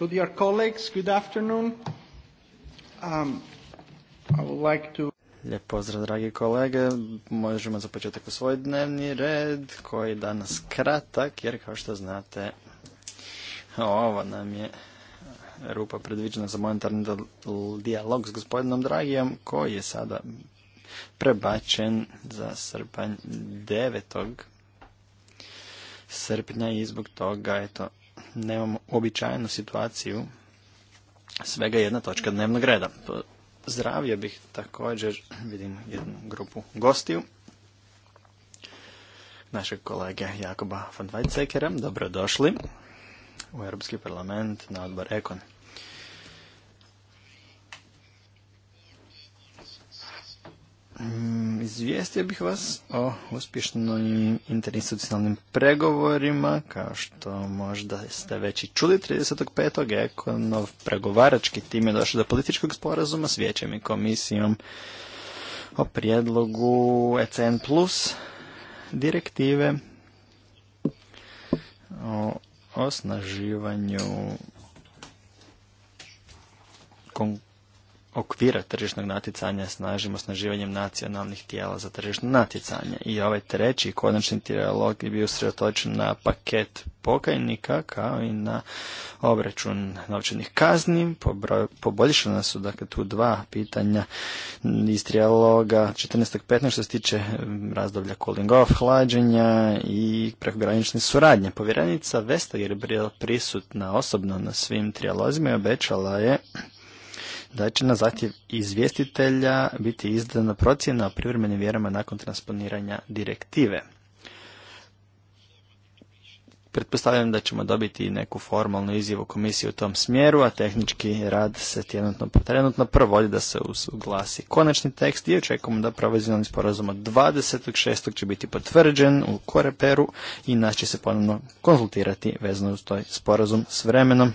So, dear colleagues, good afternoon. Um, I would Lijep pozdrav, dragi kolege. Možemo za početak u svoj dnevni red, koji je danas kratak, jer kao što znate, ovo nam je rupa predviđena za monetarni dijalog s gospodinom Dragijom, koji je sada prebačen za srpanj 9. srpnja i zbog toga, eto, nemamo običajnu situaciju svega jedna točka dnevnog reda. Zdravio bih također, vidim jednu grupu gostiju, našeg kolege Jakoba von Weizsäckera. Dobrodošli u Europski parlament na odbor Ekon. Mm, izvijestio bih vas o uspješnim interinstitucionalnim pregovorima, kao što možda ste već i čuli 35. Ekonov pregovarački tim je došao do političkog sporazuma s vijećem i komisijom o prijedlogu ECN plus direktive o osnaživanju konkurencije okvira tržišnog natjecanja snažimo snaživanjem nacionalnih tijela za tržišno natjecanje. I ovaj treći konačni dijalog je bio sredotočen na paket pokajnika kao i na obračun novčanih kazni. Poboljšana su dakle tu dva pitanja iz trijaloga 14.15 što se tiče mm, razdoblja cooling off, hlađenja i prekogranične suradnje. Povjerenica Vestager je bila prisutna osobno na svim trijalozima i obećala je da će na zahtjev izvjestitelja biti izdana procjena o privremenim vjerama nakon transponiranja direktive. Pretpostavljam da ćemo dobiti neku formalnu izjavu komisije u tom smjeru, a tehnički rad se trenutno, potrenutno provodi da se usuglasi konačni tekst i očekujemo da provizionalni sporazum od 26. će biti potvrđen u Koreperu i nas će se ponovno konzultirati vezano uz toj sporazum s vremenom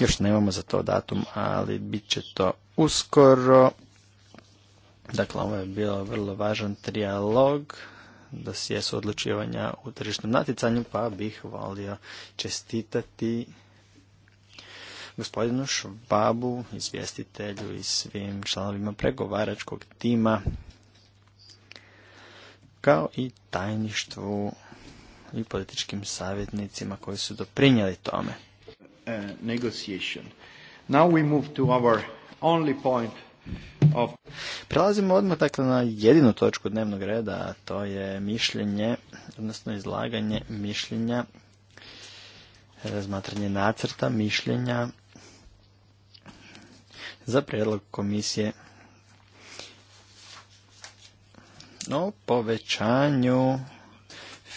još nemamo za to datum, ali bit će to uskoro. Dakle, ovo je bio vrlo važan trijalog da jesu odlučivanja u tržišnom natjecanju, pa bih volio čestitati gospodinu Švabu, izvjestitelju i svim članovima pregovaračkog tima, kao i tajništvu i političkim savjetnicima koji su doprinijeli tome. Uh, negotiation. point Prelazimo odmah dakle, na jedinu točku dnevnog reda, a to je mišljenje, odnosno izlaganje mišljenja, razmatranje nacrta mišljenja za prijedlog komisije o povećanju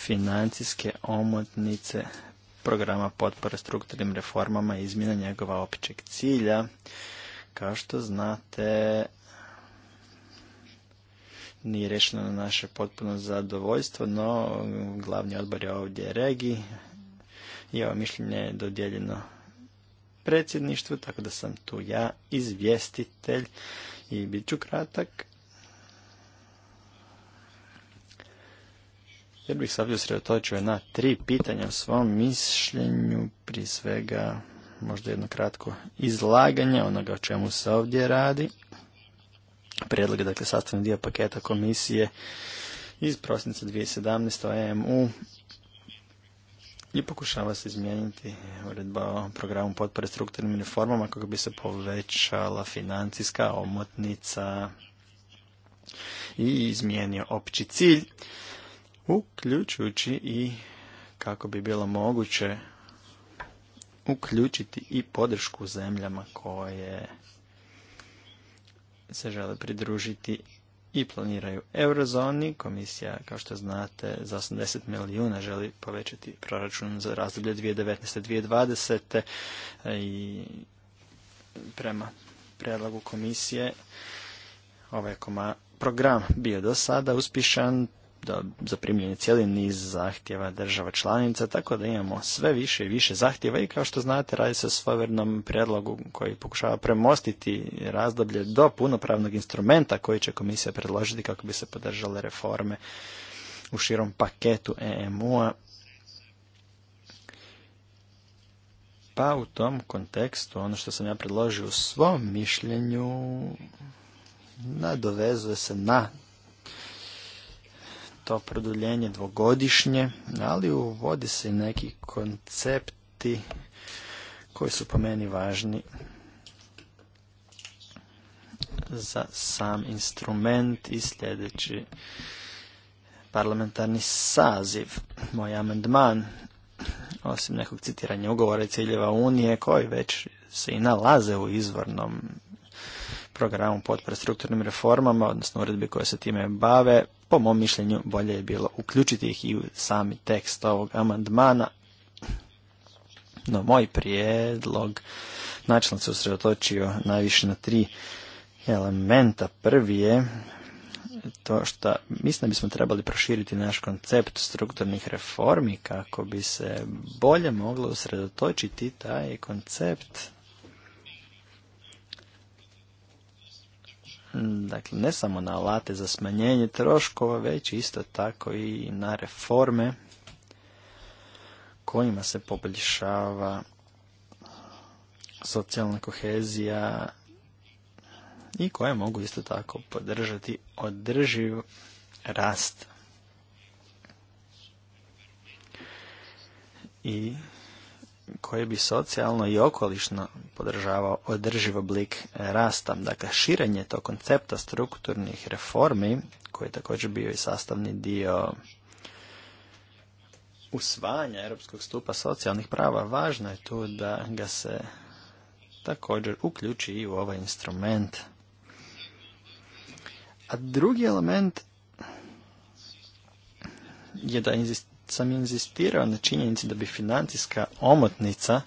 financijske omotnice programa potpore strukturnim reformama i izmjena njegova općeg cilja. Kao što znate, nije rešeno na naše potpuno zadovoljstvo, no glavni odbor je ovdje regi i ovo mišljenje je dodijeljeno predsjedništvu, tako da sam tu ja izvjestitelj i bit ću kratak. jer bih sad usredotočio na tri pitanja u svom mišljenju, prije svega možda jedno kratko izlaganje onoga o čemu se ovdje radi. Prijedlog je dakle sastavni dio paketa komisije iz prosinca 2017. o EMU i pokušava se izmijeniti uredba o programu potpore strukturnim reformama kako bi se povećala financijska omotnica i izmijenio opći cilj uključujući i kako bi bilo moguće uključiti i podršku zemljama koje se žele pridružiti i planiraju eurozoni. Komisija, kao što znate, za 80 milijuna želi povećati proračun za razdoblje 2019-2020 i prema predlagu komisije ovaj program bio do sada uspješan, da zaprimljen je cijeli niz zahtjeva država članica, tako da imamo sve više i više zahtjeva i kao što znate radi se o svojvernom prijedlogu koji pokušava premostiti razdoblje do punopravnog instrumenta koji će komisija predložiti kako bi se podržale reforme u širom paketu EMU-a. Pa u tom kontekstu ono što sam ja predložio u svom mišljenju nadovezuje se na to produljenje dvogodišnje, ali uvodi se neki koncepti koji su po meni važni za sam instrument i sljedeći parlamentarni saziv. Moj amendman osim nekog citiranja ugovora i ciljeva Unije, koji već se i nalaze u izvornom programu potpore strukturnim reformama, odnosno uredbi koje se time bave, po mom mišljenju bolje je bilo uključiti ih i u sami tekst ovog amandmana. No, moj prijedlog načelno se usredotočio najviše na tri elementa. Prvi je to što mislim da bismo trebali proširiti naš koncept strukturnih reformi kako bi se bolje moglo usredotočiti taj koncept Mm, dakle ne samo na alate za smanjenje troškova, već isto tako i na reforme kojima se poboljšava socijalna kohezija i koje mogu isto tako podržati održiv rast. I koji bi socijalno i okolišno podržavao održiv oblik rasta. Dakle, širenje tog koncepta strukturnih reformi, koji je također bio i sastavni dio usvajanja europskog stupa socijalnih prava, važno je tu da ga se također uključi i u ovaj instrument. A drugi element je da inzist sam inzistirao na činjenici da bi financijska omotnica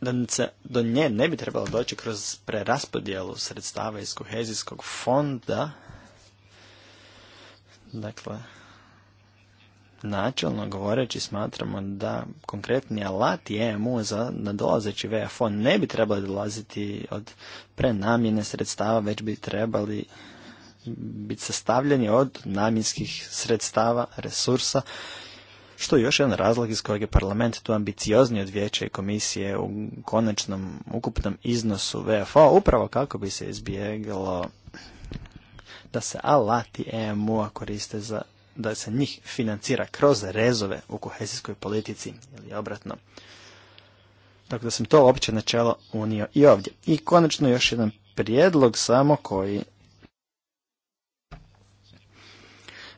da se do nje ne bi trebalo doći kroz preraspodjelu sredstava iz kohezijskog fonda. Dakle, načelno govoreći smatramo da konkretni alat EMU e za nadolazeći VFO ne bi trebali dolaziti od prenamjene sredstava, već bi trebali biti sastavljeni od namjenskih sredstava, resursa, što je još jedan razlog iz kojeg je parlament tu ambiciozniji od vijeća i komisije u konačnom ukupnom iznosu VFO, upravo kako bi se izbjeglo da se alati EMU-a koriste za da se njih financira kroz rezove u kohezijskoj politici ili obratno. Tako da sam to opće načelo unio i ovdje. I konačno još jedan prijedlog samo koji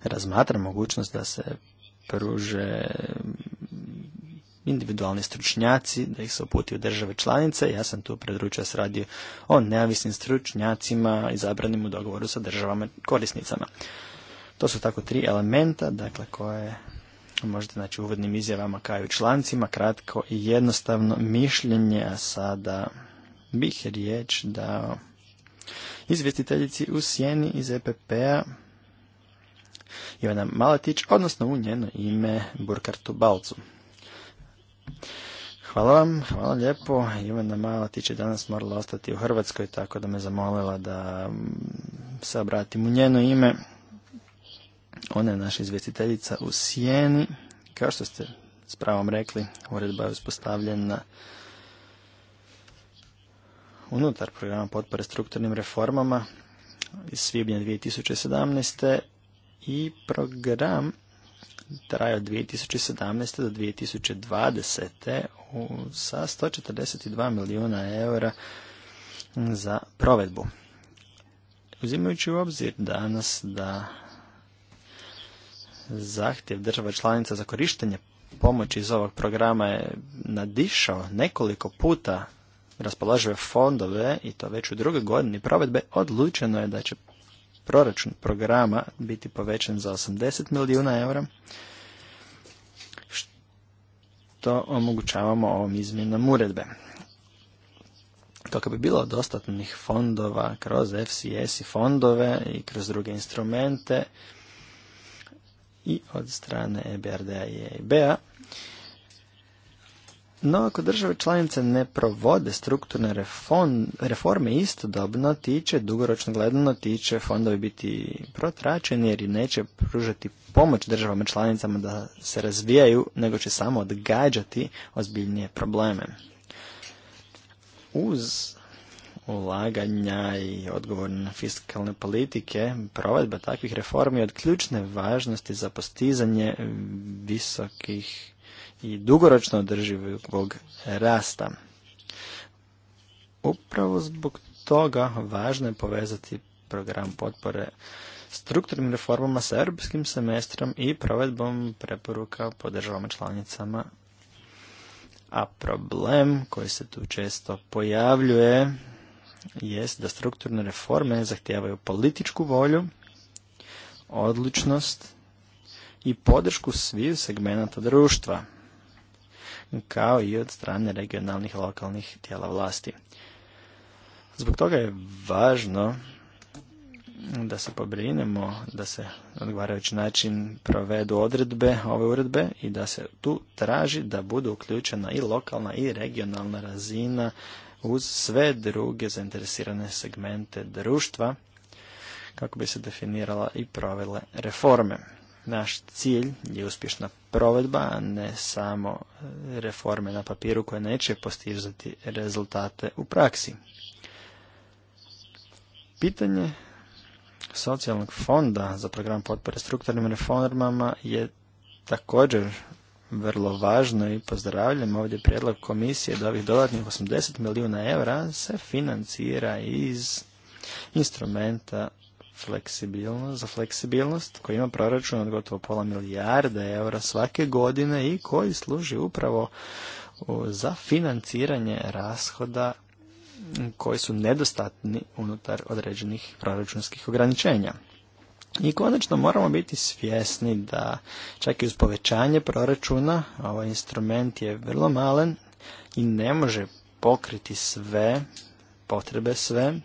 razmatra mogućnost da se pruže mm, individualni stručnjaci, da ih se uputi u države članice. Ja sam tu predručio s radio o neavisnim stručnjacima izabranim u dogovoru sa državama korisnicama. To su tako tri elementa, dakle, koje možete naći u uvodnim izjavama kao i u člancima, kratko i jednostavno mišljenje, a sada bih riječ dao izvjestiteljici u sjeni iz EPP-a, Ivana Maletić, odnosno u njeno ime Burkartu Balcu. Hvala vam, hvala lijepo. Ivana Malatić je danas morala ostati u Hrvatskoj, tako da me zamolila da mm, se obratim u njeno ime. Ona je naša izvjestiteljica u Sijeni. Kao što ste s pravom rekli, uredba je uspostavljena unutar programa potpore strukturnim reformama iz svibnja 2017 i program traje od 2017. do 2020. sa 142 milijuna eura za provedbu. Uzimajući u obzir danas da zahtjev država članica za korištenje pomoći iz ovog programa je nadišao nekoliko puta raspoložive fondove i to već u drugoj godini provedbe, odlučeno je da će proračun programa biti povećan za 80 milijuna eura, što omogućavamo ovom izmjenom uredbe. Kako bi bilo dostatnih fondova kroz FCS i fondove i kroz druge instrumente i od strane EBRD-a i EIB-a, no, ako države članice ne provode strukturne reforme istodobno, ti će dugoročno gledano, ti će fondovi biti protračeni jer neće pružati pomoć državama članicama da se razvijaju, nego će samo odgađati ozbiljnije probleme. Uz ulaganja i odgovorne fiskalne politike, provedba takvih reformi je od ključne važnosti za postizanje visokih i dugoročno održivog rasta. Upravo zbog toga važno je povezati program potpore strukturnim reformama sa europskim semestrom i provedbom preporuka po državama članicama. A problem koji se tu često pojavljuje jest da strukturne reforme zahtijevaju političku volju, odličnost i podršku svih segmenata društva kao i od strane regionalnih lokalnih tijela vlasti. Zbog toga je važno da se pobrinemo, da se odgovarajući način provedu odredbe ove uredbe i da se tu traži da budu uključena i lokalna i regionalna razina uz sve druge zainteresirane segmente društva kako bi se definirala i provele reforme. Naš cilj je uspješna provedba, a ne samo e, reforme na papiru koje neće postizati rezultate u praksi. Pitanje socijalnog fonda za program potpore strukturnim reformama je također vrlo važno i pozdravljam ovdje prijedlog komisije da ovih dodatnih 80 milijuna eura se financira iz instrumenta fleksibilnost, za fleksibilnost koji ima proračun od gotovo pola milijarde eura svake godine i koji služi upravo za financiranje rashoda koji su nedostatni unutar određenih proračunskih ograničenja. I konačno moramo biti svjesni da čak i uz povećanje proračuna ovaj instrument je vrlo malen i ne može pokriti sve potrebe sve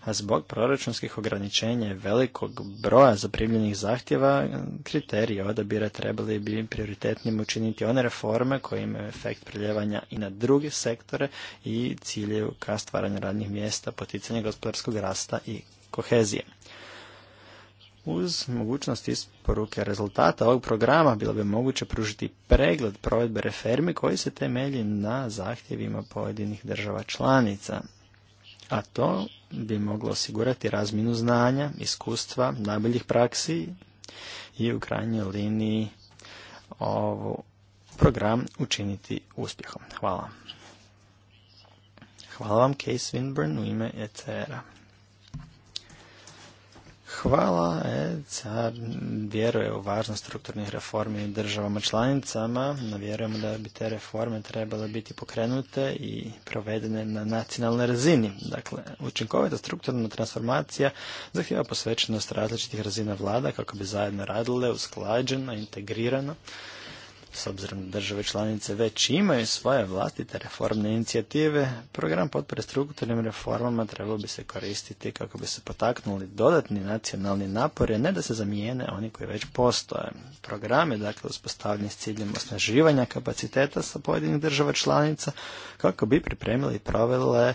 a Zbog proračunskih ograničenja i velikog broja zaprimljenih zahtjeva, kriterije odabira trebali bi prioritetnim učiniti one reforme koje imaju efekt priljevanja i na druge sektore i cilje ka stvaranju radnih mjesta, poticanje gospodarskog rasta i kohezije. Uz mogućnost isporuke rezultata ovog programa bilo bi moguće pružiti pregled provedbe reformi koji se temelji na zahtjevima pojedinih država članica, a to bi moglo osigurati razminu znanja, iskustva, najboljih praksi i u krajnjoj liniji ovu program učiniti uspjehom. Hvala. Hvala vam Case Winburn u ime ECR-a. Hvala. E, car vjeruje u važnost strukturnih reformi državama članicama. Vjerujemo da bi te reforme trebale biti pokrenute i provedene na nacionalnoj razini. Dakle, učinkovita strukturna transformacija zahtjeva posvećenost različitih razina vlada kako bi zajedno radile usklađeno, integrirano s obzirom da države članice već imaju svoje vlastite reformne inicijative, program potpore strukturnim reformama trebao bi se koristiti kako bi se potaknuli dodatni nacionalni napori, ne da se zamijene oni koji već postoje. Program je dakle uspostavljen s ciljem osnaživanja kapaciteta sa pojedinih država članica kako bi pripremili i provele e,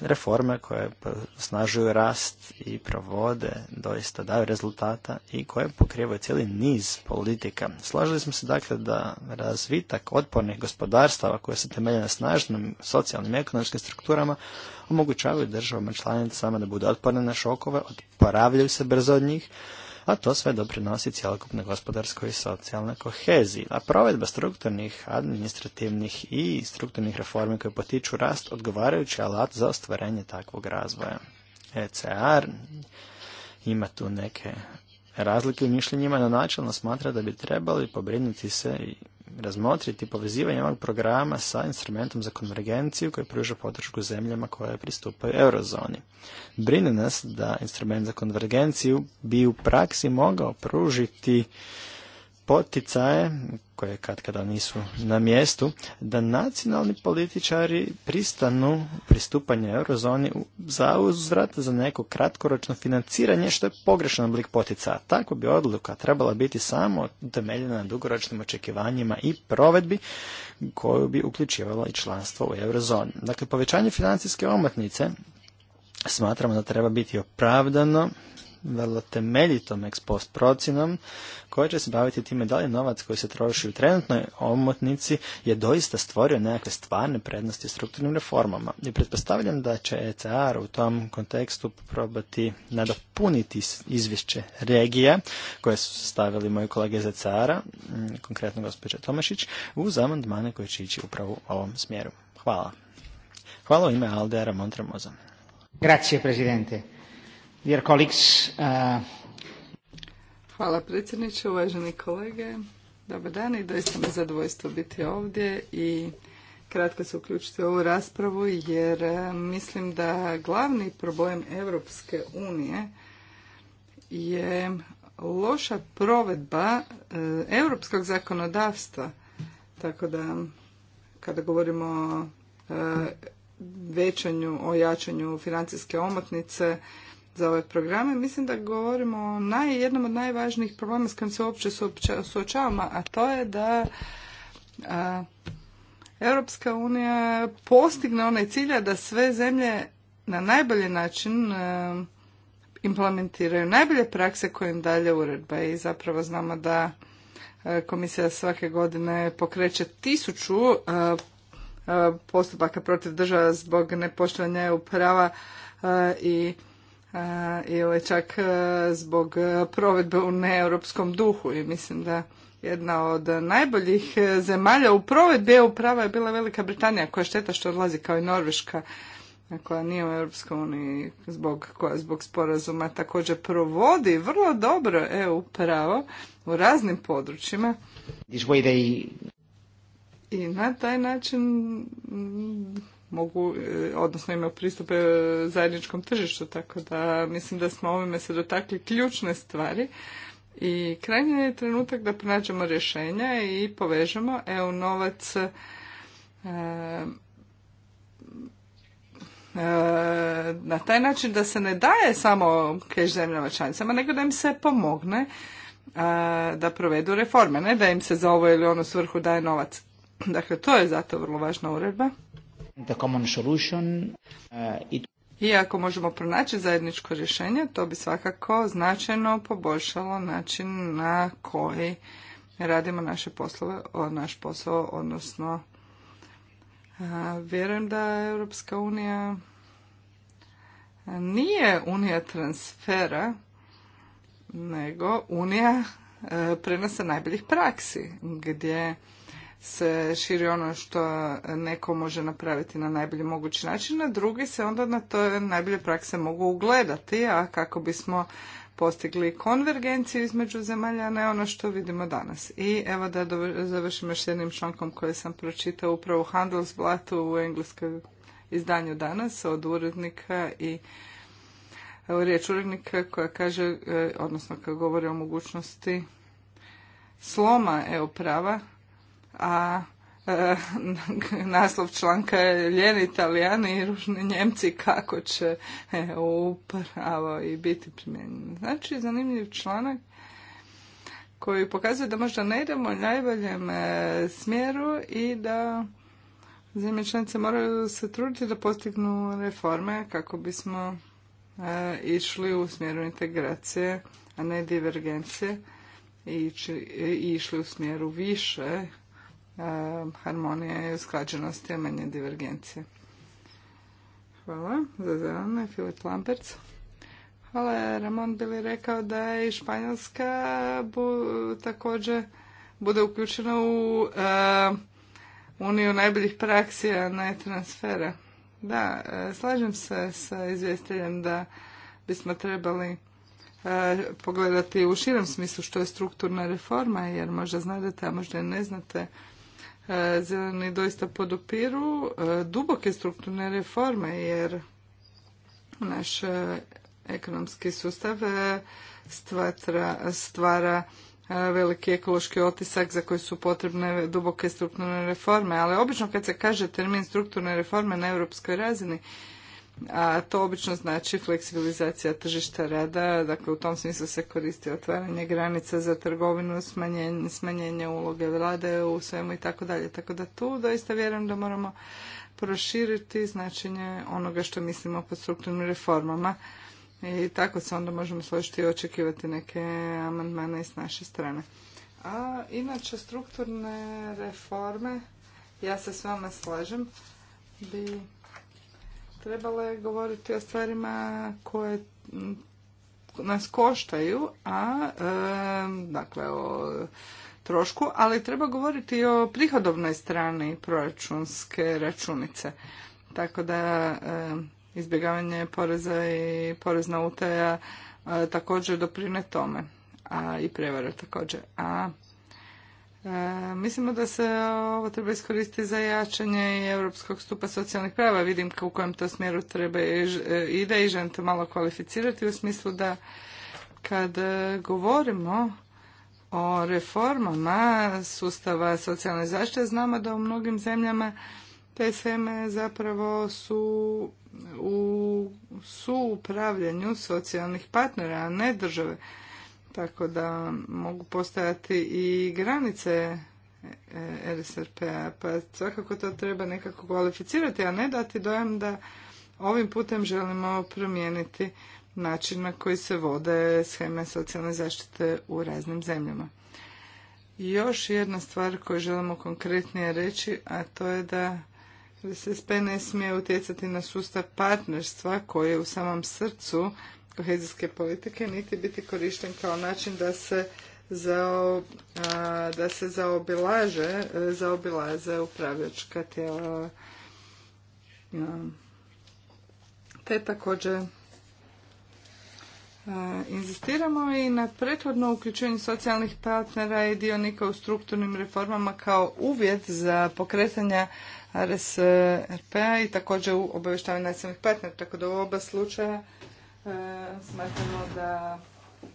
reforme koje osnažuju rast i provode, doista daju rezultata i koje pokrivaju cijeli niz politika. Složili smo se dakle da razvitak otpornih gospodarstava koje se temelje na snažnim socijalnim i ekonomskim strukturama omogućavaju državama članicama da budu otporne na šokove, oporavljaju se brzo od njih, a to sve doprinosi cjelokupnoj gospodarskoj i socijalnoj koheziji. A provedba strukturnih, administrativnih i strukturnih reformi koje potiču rast odgovarajući alat za ostvarenje takvog razvoja. ECR ima tu neke razlike u mišljenjima, no načelno smatra da bi trebali pobrinuti se i razmotriti povezivanje ovog programa sa instrumentom za konvergenciju koji pruža podršku zemljama koje pristupaju eurozoni. Brine nas da instrument za konvergenciju bi u praksi mogao pružiti poticaje, koje kad kada nisu na mjestu, da nacionalni političari pristanu pristupanje eurozoni za uzvrat za neko kratkoročno financiranje, što je pogrešan oblik poticaja. Tako bi odluka trebala biti samo temeljena na dugoročnim očekivanjima i provedbi koju bi uključivala i članstvo u eurozoni. Dakle, povećanje financijske omotnice smatramo da treba biti opravdano vrlo temeljitom ekspost post procjenom koja će se baviti time da li novac koji se troši u trenutnoj omotnici je doista stvorio nekakve stvarne prednosti strukturnim reformama. I pretpostavljam da će ECR u tom kontekstu probati nadopuniti izvješće regija koje su stavili moji kolege iz ECR-a, mm, konkretno gospođa Tomašić, uz amandmane koji će ići upravo u ovom smjeru. Hvala. Hvala u ime Aldera Montremoza. Grazie, Presidente. Dear uh, Hvala predsjedniče, uvaženi kolege. Dobar dan i doista je zadovoljstvo biti ovdje i kratko se uključiti u ovu raspravu jer e, mislim da glavni problem Europske unije je loša provedba e, europskog zakonodavstva. Tako da kada govorimo o e, većanju, o jačanju financijske omotnice, za ove programe, mislim da govorimo o naj, jednom od najvažnijih problema s kojim se uopće suočavamo, a to je da a, Europska unija postigne onaj cilja da sve zemlje na najbolji način e, implementiraju najbolje prakse koje im dalje uredba i zapravo znamo da e, komisija svake godine pokreće tisuću e, postupaka protiv država zbog nepoštovanja EU prava i ovaj čak e, zbog e, provedbe u neeuropskom duhu i mislim da jedna od najboljih e, zemalja u provedbi EU prava je bila Velika Britanija koja šteta što odlazi kao i Norveška koja nije u Europskoj uniji zbog, koja zbog sporazuma također provodi vrlo dobro EU pravo u raznim područjima. I na taj način mogu, e, odnosno imaju pristupe zajedničkom tržištu, tako da mislim da smo ovime se dotakli ključne stvari i krajnji je trenutak da pronađemo rješenja i povežemo EU novac e, e, na taj način da se ne daje samo keš zemljama članicama, nego da im se pomogne e, da provedu reforme, ne da im se za ovo ili ono svrhu daje novac. Dakle, to je zato vrlo važna uredba. The common uh, I ako možemo pronaći zajedničko rješenje, to bi svakako značajno poboljšalo način na koji radimo naše poslove, naš posao, odnosno uh, vjerujem da Europska unija nije unija transfera, nego unija uh, prenosa najboljih praksi, gdje se širi ono što neko može napraviti na najbolji mogući način, a drugi se onda na to najbolje prakse mogu ugledati, a kako bismo postigli konvergenciju između zemalja, ne ono što vidimo danas. I evo da završim još jednim člankom koji sam pročitao upravo u Handelsblatu u engleskom izdanju danas od urednika i evo, riječ urednika koja kaže, e, odnosno koja govori o mogućnosti sloma EU prava, a e, naslov članka je ljeni italijani i ružni njemci kako će e, upravo i biti primjenjeni. Znači, zanimljiv članak koji pokazuje da možda ne idemo u najboljem e, smjeru i da zemlje članice moraju se truditi da postignu reforme kako bismo išli u smjeru integracije, a ne divergencije i išli u smjeru više harmonija i usklađenosti, a manje divergencije. Hvala. Za zelene, Filip Lamperc. Hvala, Ramon bili rekao da je i Španjolska također bude uključena u uniju najboljih praksi, a ne transfera. Da, e, slažem se sa izvjestiteljem da bismo trebali e, pogledati u širem smislu što je strukturna reforma, jer možda znate, a možda i ne znate E, zeleni doista podupiru e, duboke strukturne reforme jer naš e, ekonomski sustav stvara veliki ekološki otisak za koji su potrebne duboke strukturne reforme. Ali obično kad se kaže termin strukturne reforme na europskoj razini, a to obično znači fleksibilizacija tržišta rada, dakle u tom smislu se koristi otvaranje granica za trgovinu, smanjenje, smanjenje uloge vlade u svemu i tako dalje. Tako da tu doista vjerujem da moramo proširiti značenje onoga što mislimo pod strukturnim reformama i tako se onda možemo složiti i očekivati neke amandmane s naše strane. A inače strukturne reforme, ja se s vama slažem, bi je govoriti o stvarima koje nas koštaju, a dakle o trošku, ali treba govoriti i o prihodovnoj strani proračunske računice. Tako da izbjegavanje poreza i porezna utaja također doprine tome, a i prevara također. A E, mislimo da se ovo treba iskoristiti za jačanje i Europskog stupa socijalnih prava. Vidim u kojem to smjeru treba e, ide i želim malo kvalificirati u smislu da kad e, govorimo o reformama sustava socijalne zaštite, znamo da u mnogim zemljama te seme zapravo su u su socijalnih partnera, a ne države. Tako da mogu postojati i granice e, RSRP-a, pa svakako to treba nekako kvalificirati, a ne dati dojam da ovim putem želimo promijeniti način na koji se vode sheme socijalne zaštite u raznim zemljama. Još jedna stvar koju želimo konkretnije reći, a to je da SSP ne smije utjecati na sustav partnerstva koji je u samom srcu kohezijske politike niti biti korišten kao način da se za, da zaobilaže, zaobilaze upravljačka tijela. Te također inzistiramo i na prethodno uključenje socijalnih partnera i dionika u strukturnim reformama kao uvjet za pokretanje RSRP-a i također u obavještavanju nacionalnih partnera. Tako da u oba slučaja E, smatramo da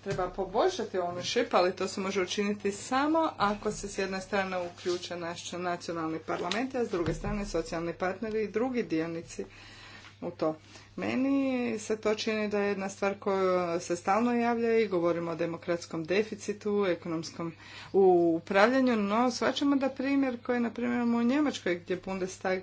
treba poboljšati ownership, ali to se može učiniti samo ako se s jedne strane uključe naš nacionalni parlament, a s druge strane socijalni partneri i drugi dionici u to. Meni se to čini da je jedna stvar koja se stalno javlja i govorimo o demokratskom deficitu, ekonomskom upravljanju, no svačamo da primjer koji je na primjer u Njemačkoj gdje Bundestag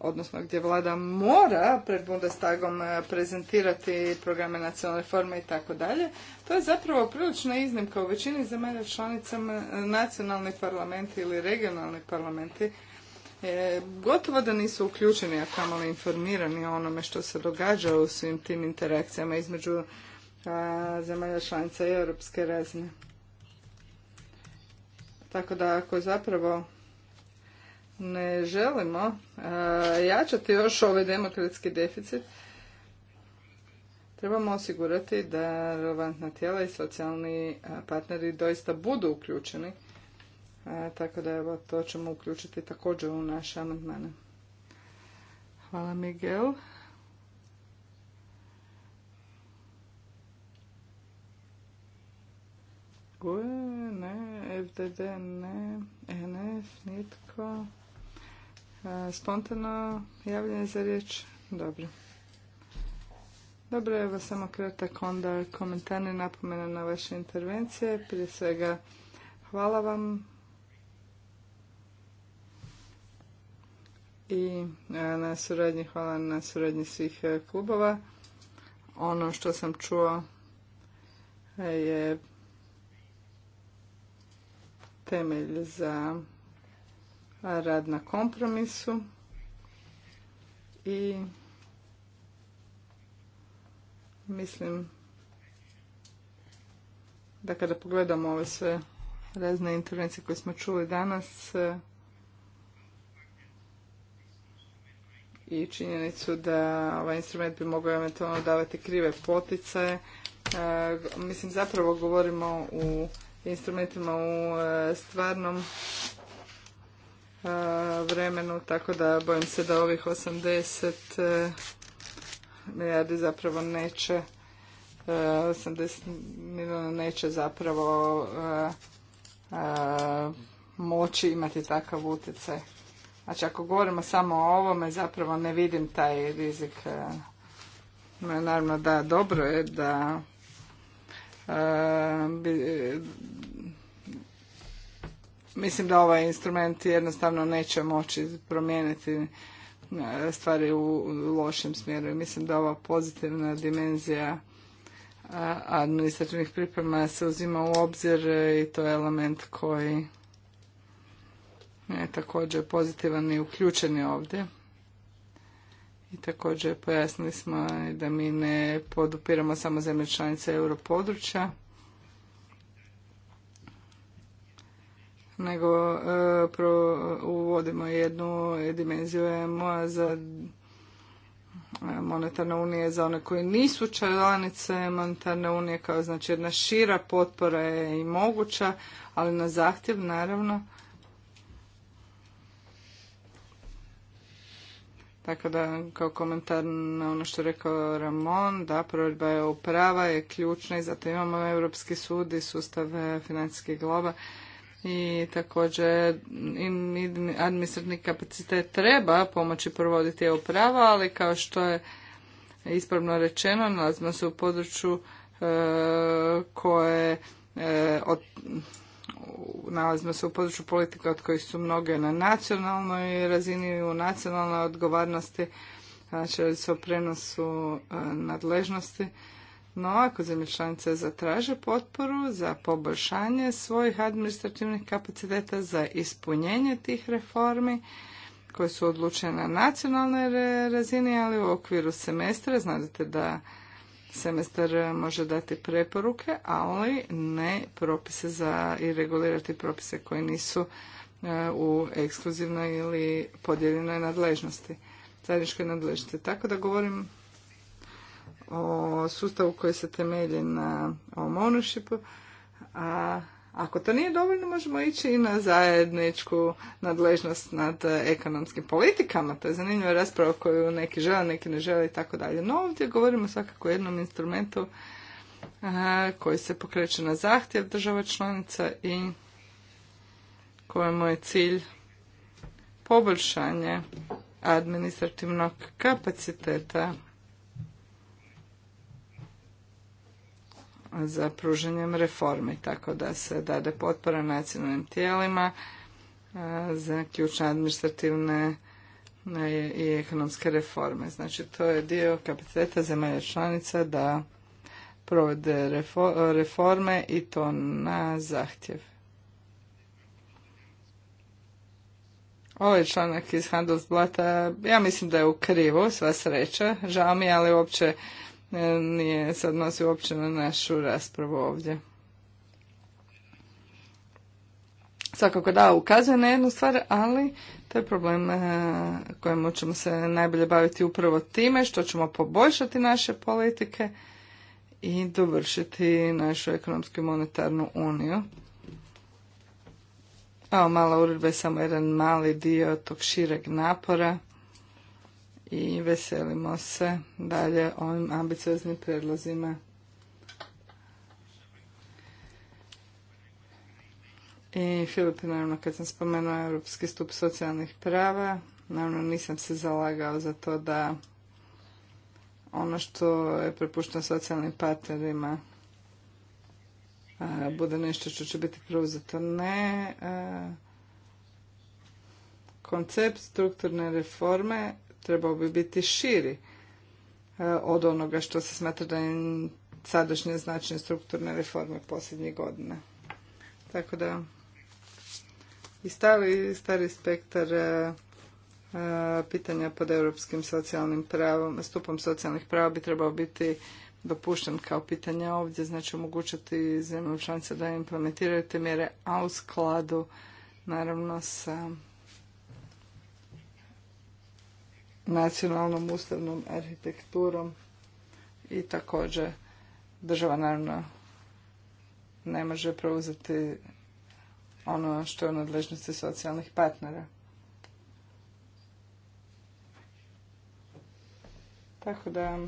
odnosno gdje vlada mora pred Bundestagom eh, prezentirati programe nacionalne reforme i tako dalje, to je zapravo prilična iznimka. U većini zemalja članicama eh, nacionalni parlamenti ili regionalni parlamenti eh, gotovo da nisu uključeni, a kamoli informirani o onome što se događa u svim tim interakcijama između zemalja članica i europske razine. Tako da ako zapravo ne želimo e, jačati još ovaj demokratski deficit, trebamo osigurati da relevantna tijela i socijalni e, partneri doista budu uključeni. E, tako da evo, to ćemo uključiti također u naše amandmane. Hvala Miguel. GUE, ne, FDD, ne, NF, nitko. E, spontano javljanje za riječ? Dobro. Dobro, evo samo kratak onda komentar i napomena na vaše intervencije. Prije svega, hvala vam i e, na suradnji, hvala na suradnji svih e, klubova. Ono što sam čuo je temelj za rad na kompromisu i mislim da kada pogledamo ove sve razne intervencije koje smo čuli danas e, i činjenicu da ovaj instrument bi mogao eventualno davati krive poticaje. E, mislim, zapravo govorimo u instrumentima u e, stvarnom vremenu, tako da bojim se da ovih 80 e, milijardi zapravo neće 80 e, milijuna neće zapravo e, moći imati takav utjecaj. Znači ako govorimo samo o ovome zapravo ne vidim taj rizik. Naravno da dobro je da Mislim da ovaj instrument jednostavno neće moći promijeniti e, stvari u lošem smjeru. Mislim da ova pozitivna dimenzija e, administrativnih priprema se uzima u obzir e, i to je element koji je također pozitivan i uključen je ovdje. I također pojasnili smo da mi ne podupiramo samo zemlje članice europodručja, nego e, pro, uvodimo jednu dimenziju EMO-a za e, monetarne unije za one koji nisu članice monetarne unije kao znači jedna šira potpora je i moguća, ali na zahtjev naravno. Tako da, kao komentar na ono što je rekao Ramon, da, provedba je prava je ključna i zato imamo Europski sud i sustav e, financijskih globa i također administrativni kapacitet treba pomoći provoditi EU prava, ali kao što je ispravno rečeno, nalazimo se u području e, koje e, od, nalazimo se u području politika od kojih su mnoge na nacionalnoj razini i u nacionalnoj odgovornosti, znači o prenosu e, nadležnosti no, ako zemlje članice zatraže potporu za poboljšanje svojih administrativnih kapaciteta za ispunjenje tih reformi, koje su odlučene na nacionalnoj razini, ali u okviru semestra, znate da semestar može dati preporuke, ali ne propise za i regulirati propise koji nisu e, u ekskluzivnoj ili podijeljenoj nadležnosti, zajedničkoj nadležnosti. Tako da govorim o sustavu koji se temelji na ovom ownershipu, a ako to nije dovoljno, možemo ići i na zajedničku nadležnost nad ekonomskim politikama. To je zanimljiva rasprava koju neki žele, neki ne žele i tako dalje. No ovdje govorimo svakako o jednom instrumentu koji se pokreće na zahtjev država članica i kojemu je cilj poboljšanje administrativnog kapaciteta za pruženjem reformi, tako da se dade potpora nacionalnim tijelima e, za ključne administrativne e, i ekonomske reforme. Znači to je dio kapaciteta zemalja članica da provede reforme i to na zahtjev. Ovaj članak iz Handelsblata, ja mislim da je u krivu, sva sreća, žao mi je, ali uopće E, nije sad odnosi uopće na našu raspravu ovdje. Svakako da, ukazuje na jednu stvar, ali to je problem e, kojemu ćemo se najbolje baviti upravo time što ćemo poboljšati naše politike i dovršiti našu ekonomsku i monetarnu uniju. Evo, mala uredba je samo jedan mali dio tog šireg napora i veselimo se dalje ovim ambicioznim predlozima. I Filip, naravno, kad sam spomenuo Europski stup socijalnih prava, naravno nisam se zalagao za to da ono što je prepušteno socijalnim partnerima bude nešto što će biti preuzeto. Ne, koncept strukturne reforme trebao bi biti širi e, od onoga što se smatra da je sadašnje značajne strukturne reforme posljednjih godina. Tako da i stari, stari spektar e, e, pitanja pod europskim socijalnim pravom, stupom socijalnih prava bi trebao biti dopušten kao pitanja ovdje, znači omogućiti zemljom članice da implementiraju te mjere, a u skladu naravno sa nacionalnom ustavnom arhitekturom i također država naravno ne može preuzeti ono što je u nadležnosti socijalnih partnera. Tako da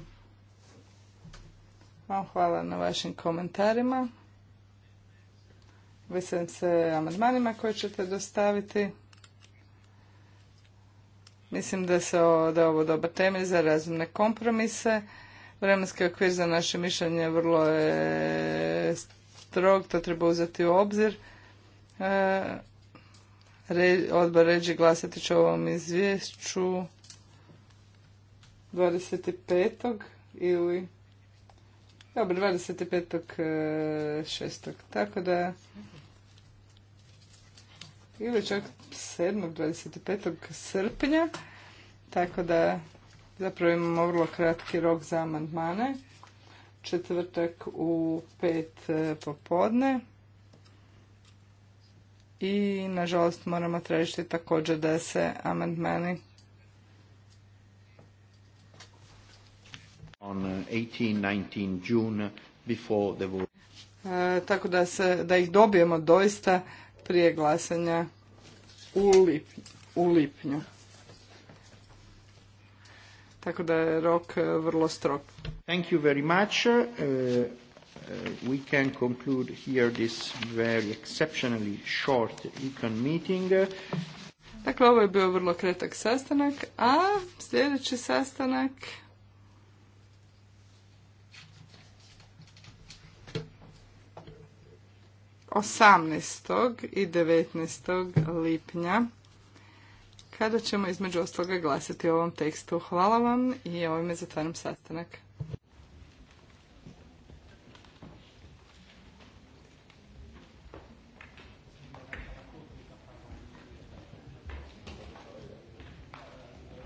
vam hvala na vašim komentarima. Veselim se amandmanima koje ćete dostaviti. Mislim da, se je ovo dobar temelj za razumne kompromise. Vremenski okvir za naše mišljenje vrlo je strog, to treba uzeti u obzir. E, re, odbor ređi glasati će o ovom izvješću 25. ili dobro, 25. E, Tako da ili čak 7. 25. srpnja, tako da zapravo imamo vrlo kratki rok za amandmane. Četvrtak u 5. E, popodne. I nažalost moramo tražiti također da se amandmani on 18, e, 19 June before the... e, tako da, se, da ih dobijemo doista prije glasanja u, lip, lipnju. Tako da je rok e, vrlo strog. Thank you very much. Uh, uh, we can conclude here this very exceptionally short econ meeting. Dakle, ovo je bio vrlo kretak sastanak, a sljedeći sastanak 18. i 19. lipnja kada ćemo između ostaloga glasati o ovom tekstu. Hvala vam i ovime zatvaram sastanak.